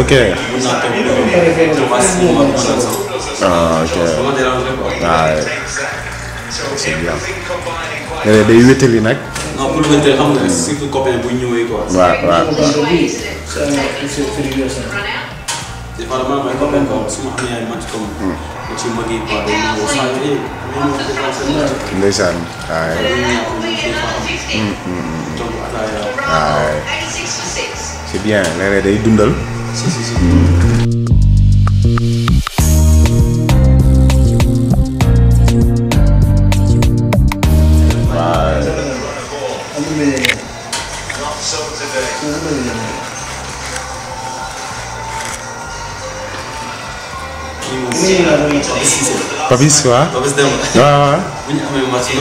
ok. ah ok waaw. Ah, c'est bien. léeg-léeg wétali nag. non pour wétali xam nga surtout copain bu ñëwee quoi. waaw waaw waaw. ndeysaan bien léeg-léeg dundal. Sim, sim, sim. Mas... Paviswa. Pavisdem. Ah. Punya kami masuk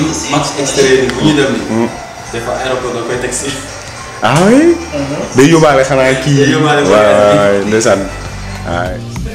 masuk aeroport aku taksi. ah oui. Mhm. day yóbbaale xanaa kii. day yóbbaale xanaa kii waaw ndeysaan